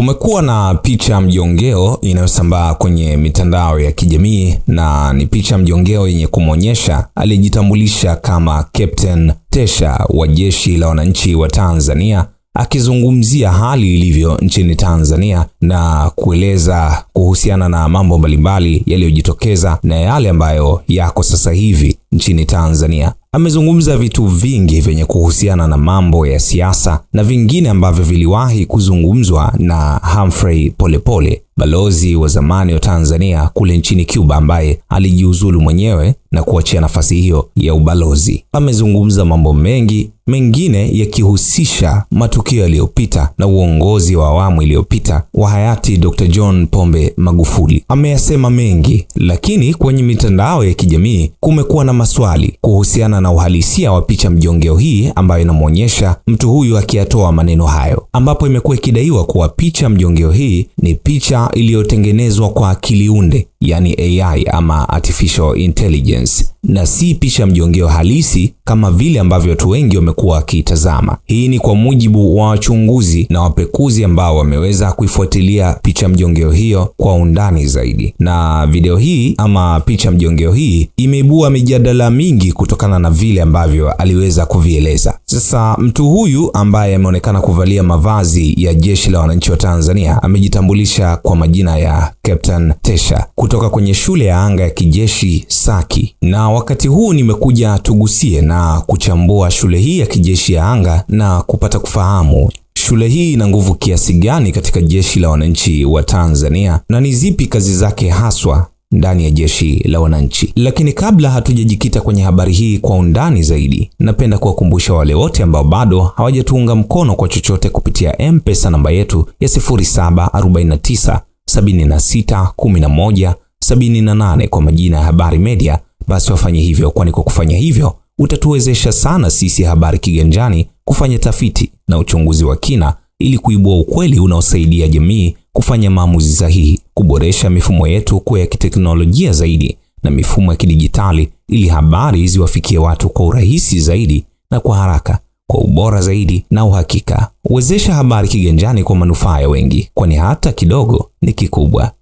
Kumekuwa na picha mjongeo inayosambaa kwenye mitandao ya kijamii na ni picha mjongeo yenye kumwonyesha aliyejitambulisha kama Captain Tesha wa Jeshi la Wananchi wa Tanzania akizungumzia hali ilivyo nchini Tanzania na kueleza kuhusiana na mambo mbalimbali yaliyojitokeza na yale ambayo yako sasa hivi nchini Tanzania amezungumza vitu vingi vyenye kuhusiana na mambo ya siasa na vingine ambavyo viliwahi kuzungumzwa na Humphrey Polepole, balozi wa zamani wa Tanzania kule nchini Cuba, ambaye alijiuzulu mwenyewe na kuachia nafasi hiyo ya ubalozi. Amezungumza mambo mengi mengine yakihusisha matukio yaliyopita na uongozi wa awamu iliyopita wa hayati Dr. John Pombe Magufuli. Ameyasema mengi, lakini kwenye mitandao ya kijamii kumekuwa na maswali kuhusiana kutokana na uhalisia wa picha mjongeo hii ambayo inamwonyesha mtu huyu akiyatoa maneno hayo, ambapo imekuwa ikidaiwa kuwa picha mjongeo hii ni picha iliyotengenezwa kwa akili unde, yani AI ama artificial intelligence, na si picha mjongeo halisi kama vile ambavyo watu wengi wamekuwa wakiitazama. Hii ni kwa mujibu wa wachunguzi na wapekuzi ambao wameweza kuifuatilia picha mjongeo hiyo kwa undani zaidi, na video hii ama picha mjongeo hii imeibua mijadala mingi kutokana na vile ambavyo aliweza kuvieleza. Sasa mtu huyu ambaye ameonekana kuvalia mavazi ya jeshi la wananchi wa Tanzania amejitambulisha kwa majina ya Captain Tesha kutoka kwenye shule ya anga ya kijeshi Saki, na wakati huu nimekuja tugusie na kuchambua shule hii ya kijeshi ya anga na kupata kufahamu shule hii ina nguvu kiasi gani katika jeshi la wananchi wa Tanzania na ni zipi kazi zake haswa ndani ya jeshi la wananchi. Lakini kabla hatujajikita kwenye habari hii kwa undani zaidi, napenda kuwakumbusha wale wote ambao bado hawajatuunga mkono kwa chochote kupitia Mpesa namba yetu ya 0749761178 kwa majina ya Habari Media, basi wafanye hivyo, kwani kwa kufanya hivyo utatuwezesha sana sisi Habari Kiganjani kufanya tafiti na uchunguzi wa kina ili kuibua ukweli unaosaidia jamii kufanya maamuzi sahihi, kuboresha mifumo yetu kuwa ya kiteknolojia zaidi na mifumo ya kidijitali ili habari ziwafikie watu kwa urahisi zaidi na kwa haraka kwa ubora zaidi na uhakika. Wezesha Habari Kiganjani kwa manufaa ya wengi, kwani hata kidogo ni kikubwa.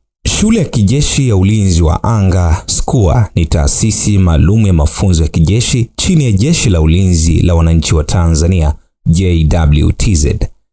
Shule ya Kijeshi ya Ulinzi wa Anga skua ni taasisi maalum ya mafunzo ya kijeshi chini ya Jeshi la Ulinzi la Wananchi wa Tanzania JWTZ.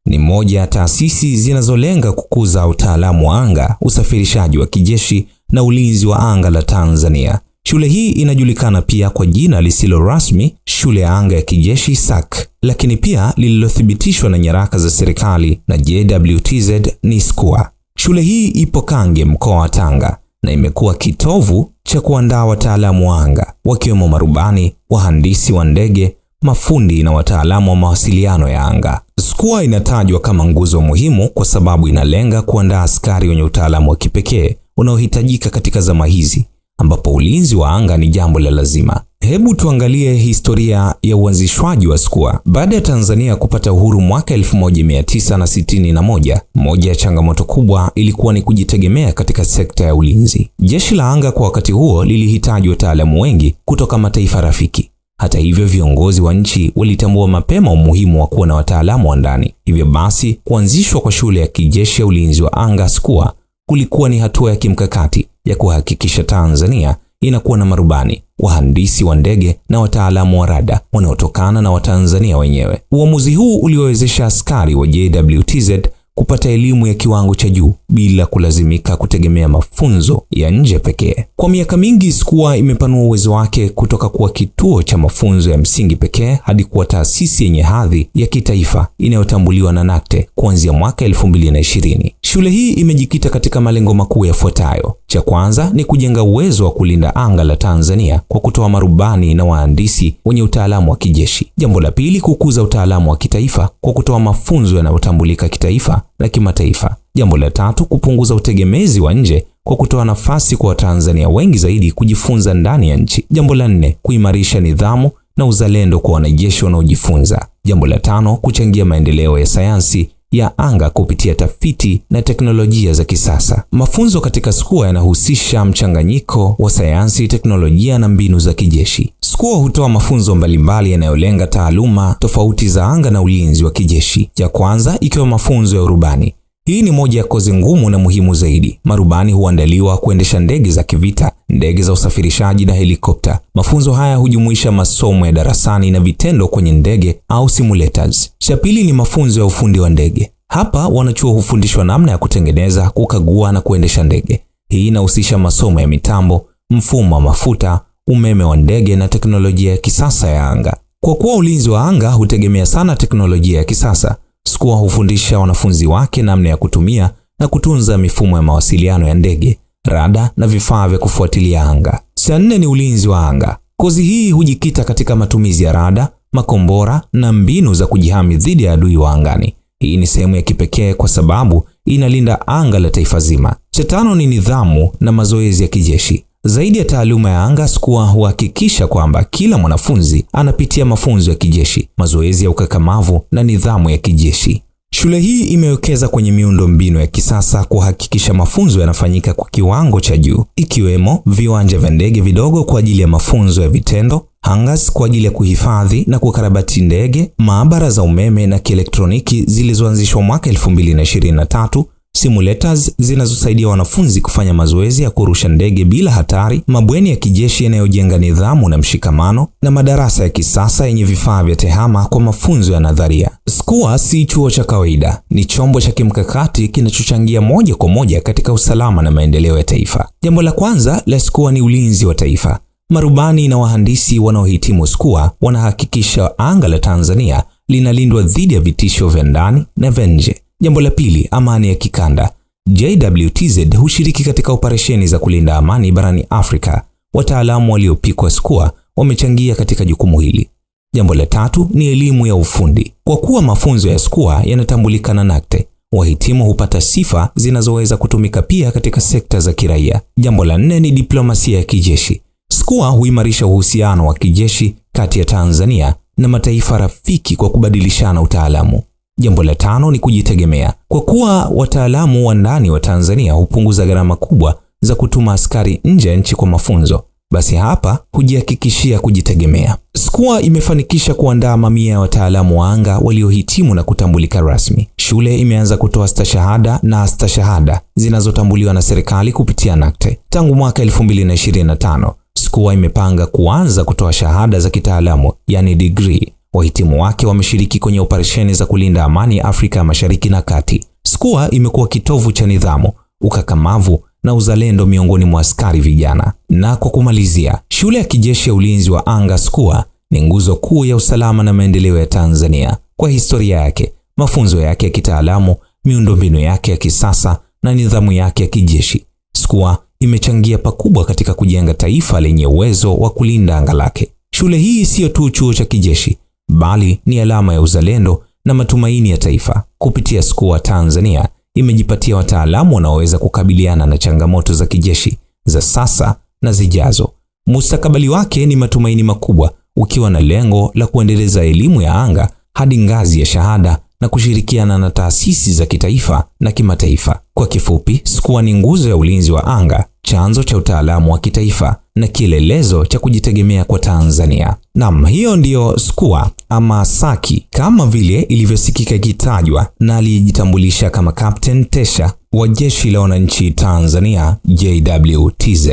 Ni moja ya taasisi zinazolenga kukuza utaalamu wa anga, usafirishaji wa kijeshi na ulinzi wa anga la Tanzania. Shule hii inajulikana pia kwa jina lisilo rasmi, Shule ya Anga ya Kijeshi SAC, lakini pia lililothibitishwa na nyaraka za serikali na JWTZ ni skua Shule hii ipo Kange, mkoa wa Tanga, na imekuwa kitovu cha kuandaa wataalamu wa anga wakiwemo marubani, wahandisi wa ndege, mafundi na wataalamu wa mawasiliano ya anga. skua inatajwa kama nguzo muhimu kwa sababu inalenga kuandaa askari wenye utaalamu wa kipekee unaohitajika katika zama hizi ambapo ulinzi wa anga ni jambo la lazima. Hebu tuangalie historia ya uanzishwaji wa skua Baada ya Tanzania kupata uhuru mwaka 1961, moja ya changamoto kubwa ilikuwa ni kujitegemea katika sekta ya ulinzi. Jeshi la anga kwa wakati huo lilihitaji wataalamu wengi kutoka mataifa rafiki. Hata hivyo, viongozi wa nchi walitambua mapema umuhimu wa kuwa na wataalamu wa ndani. Hivyo basi, kuanzishwa kwa shule ya kijeshi ya ulinzi wa anga skua kulikuwa ni hatua ya kimkakati ya kuhakikisha Tanzania inakuwa na marubani, wahandisi wa ndege na wataalamu wa rada wanaotokana na Watanzania wenyewe. Uamuzi huu uliowezesha askari wa JWTZ kupata elimu ya kiwango cha juu bila kulazimika kutegemea mafunzo ya nje pekee. Kwa miaka mingi, skua imepanua uwezo wake kutoka kuwa kituo cha mafunzo ya msingi pekee hadi kuwa taasisi yenye hadhi ya kitaifa inayotambuliwa na NACTE kuanzia mwaka 2020. Shule hii imejikita katika malengo makuu yafuatayo. Cha kwanza ni kujenga uwezo wa kulinda anga la Tanzania kwa kutoa marubani na wahandisi wenye utaalamu wa kijeshi. Jambo la pili, kukuza utaalamu wa kitaifa kwa kutoa mafunzo yanayotambulika kitaifa la kimataifa. Jambo la tatu, kupunguza utegemezi wa nje kwa kutoa nafasi kwa Watanzania wengi zaidi kujifunza ndani ya nchi. Jambo la nne, kuimarisha nidhamu na uzalendo kwa wanajeshi wanaojifunza. Jambo la tano, kuchangia maendeleo ya sayansi ya anga kupitia tafiti na teknolojia za kisasa. Mafunzo katika skua yanahusisha mchanganyiko wa sayansi, teknolojia na mbinu za kijeshi. skua hutoa mafunzo mbalimbali yanayolenga taaluma tofauti za anga na ulinzi wa kijeshi, ya kwanza ikiwa mafunzo ya urubani hii ni moja ya kozi ngumu na muhimu zaidi. Marubani huandaliwa kuendesha ndege za kivita, ndege za usafirishaji na helikopta. Mafunzo haya hujumuisha masomo ya darasani na vitendo kwenye ndege au simulators. Cha pili ni mafunzo ya ufundi wa ndege. Hapa wanachuo hufundishwa namna ya kutengeneza, kukagua na kuendesha ndege. Hii inahusisha masomo ya mitambo, mfumo wa mafuta, umeme wa ndege na teknolojia ya kisasa ya anga. Kwa kuwa ulinzi wa anga hutegemea sana teknolojia ya kisasa Pascoe hufundisha wanafunzi wake namna ya kutumia na kutunza mifumo ya mawasiliano ya ndege, rada na vifaa vya kufuatilia anga. Cha nne ni ulinzi wa anga. Kozi hii hujikita katika matumizi ya rada, makombora na mbinu za kujihami dhidi ya adui wa angani. Hii ni sehemu ya kipekee kwa sababu inalinda anga la taifa zima. Cha tano ni nidhamu na mazoezi ya kijeshi. Zaidi ya taaluma ya anga, SCUA huhakikisha kwamba kila mwanafunzi anapitia mafunzo ya kijeshi, mazoezi ya ukakamavu na nidhamu ya kijeshi. Shule hii imewekeza kwenye miundo mbinu ya kisasa kuhakikisha mafunzo yanafanyika kwa kiwango cha juu, ikiwemo viwanja vya ndege vidogo kwa ajili ya mafunzo ya vitendo, hangars kwa ajili ya kuhifadhi na kukarabati ndege, maabara za umeme na kielektroniki zilizoanzishwa mwaka 2023 simulators zinazosaidia wanafunzi kufanya mazoezi ya kurusha ndege bila hatari, mabweni ya kijeshi yanayojenga nidhamu na mshikamano, na madarasa ya kisasa yenye vifaa vya tehama kwa mafunzo ya nadharia. SCUA si chuo cha kawaida, ni chombo cha kimkakati kinachochangia moja kwa moja katika usalama na maendeleo ya taifa. Jambo la kwanza la SCUA ni ulinzi wa taifa. Marubani na wahandisi wanaohitimu SCUA wanahakikisha anga la Tanzania linalindwa dhidi ya vitisho vya ndani na vya nje. Jambo la pili, amani ya kikanda. JWTZ hushiriki katika operesheni za kulinda amani barani Afrika. Wataalamu waliopikwa SCOA wamechangia katika jukumu hili. Jambo la tatu ni elimu ya ufundi. Kwa kuwa mafunzo ya SCOA yanatambulika na NACTE, wahitimu hupata sifa zinazoweza kutumika pia katika sekta za kiraia. Jambo la nne ni diplomasia ya kijeshi. SCOA huimarisha uhusiano wa kijeshi kati ya Tanzania na mataifa rafiki kwa kubadilishana utaalamu. Jambo la tano ni kujitegemea. Kwa kuwa wataalamu wa ndani wa Tanzania hupunguza gharama kubwa za kutuma askari nje ya nchi kwa mafunzo, basi hapa hujihakikishia kujitegemea. skua imefanikisha kuandaa mamia ya wataalamu wa anga waliohitimu na kutambulika rasmi. Shule imeanza kutoa stashahada na stashahada zinazotambuliwa na serikali kupitia NACTE tangu mwaka 2025. skua imepanga kuanza kutoa shahada za kitaalamu yani degree Wahitimu wake wameshiriki kwenye operesheni za kulinda amani ya Afrika ya Mashariki na Kati. skua imekuwa kitovu cha nidhamu, ukakamavu na uzalendo miongoni mwa askari vijana. Na kwa kumalizia, shule ya kijeshi ya ulinzi wa anga skua ni nguzo kuu ya usalama na maendeleo ya Tanzania kwa historia yake, mafunzo yake ya kitaalamu, miundombinu yake ya kisasa na nidhamu yake ya kijeshi. skua imechangia pakubwa katika kujenga taifa lenye uwezo wa kulinda anga lake. Shule hii siyo tu chuo cha kijeshi bali ni alama ya uzalendo na matumaini ya taifa. Kupitia SCUA, Tanzania imejipatia wataalamu wanaoweza kukabiliana na changamoto za kijeshi za sasa na zijazo. Mustakabali wake ni matumaini makubwa, ukiwa na lengo la kuendeleza elimu ya anga hadi ngazi ya shahada na kushirikiana na taasisi za kitaifa na kimataifa. Kwa kifupi, SCUA ni nguzo ya ulinzi wa anga, chanzo cha utaalamu wa kitaifa na kielelezo cha kujitegemea kwa Tanzania. Naam, hiyo ndiyo Skua ama Saki kama vile ilivyosikika ikitajwa, na alijitambulisha kama Captain Tesha wa Jeshi la Wananchi Tanzania JWTZ.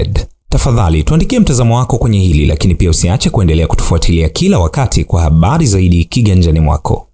Tafadhali tuandikie mtazamo wako kwenye hili, lakini pia usiache kuendelea kutufuatilia kila wakati kwa habari zaidi kiganjani mwako.